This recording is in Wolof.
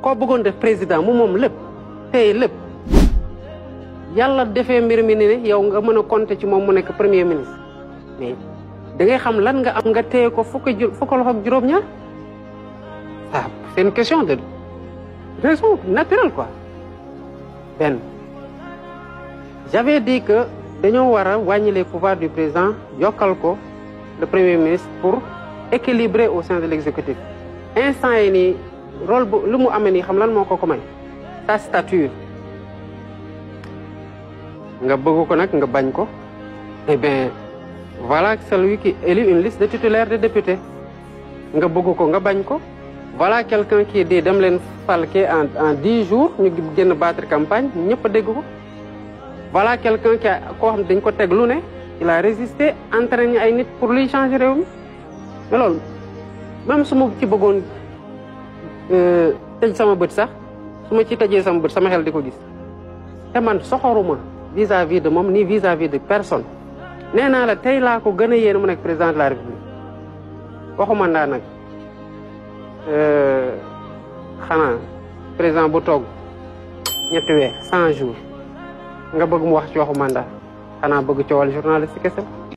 ko bëggoon def président mu moom lépp tey lépp yàlla defee mbir mi ne yow nga mën a compter ci moom mu nekk premier ministre mais da ngay xam lan nga am nga téye ko fukki ju fukki loxo ak juróom-ñaar ah, c'est une question de raison naturelle quoi Ben... j'avais dit que dañoo war a wàññi les pouvoirs du président yokkal ko le premier ministre pour équilibrer au sein de l'exécutif instant yi nii rôle bu lu mu sa stature eh bien voilà celui qui élu une liste de titulaires de députés nga bëgg ko nga bañ voilà quelqu'un qui est dem len en en jours ñu génn battre campagne ñëpp dégg voilà quelqu'un qui a xam dañ ko il a résisté entraîné ay nit pour lui changer même ce ci Euh, tëj sama bët sax su ma ci tëjee sama bët sama xel di ko gis te man soxoruma vis-à-vis de moom ni vis-à-vis de personne nee naa la tey laa ko gën a yéen mu nekk président de la république waxuma naa nag euh, xanaa président bu toog ñetti weer cent jours nga bëgg mu wax ci waxu mandat xanaa bëgg coowal journaliste kese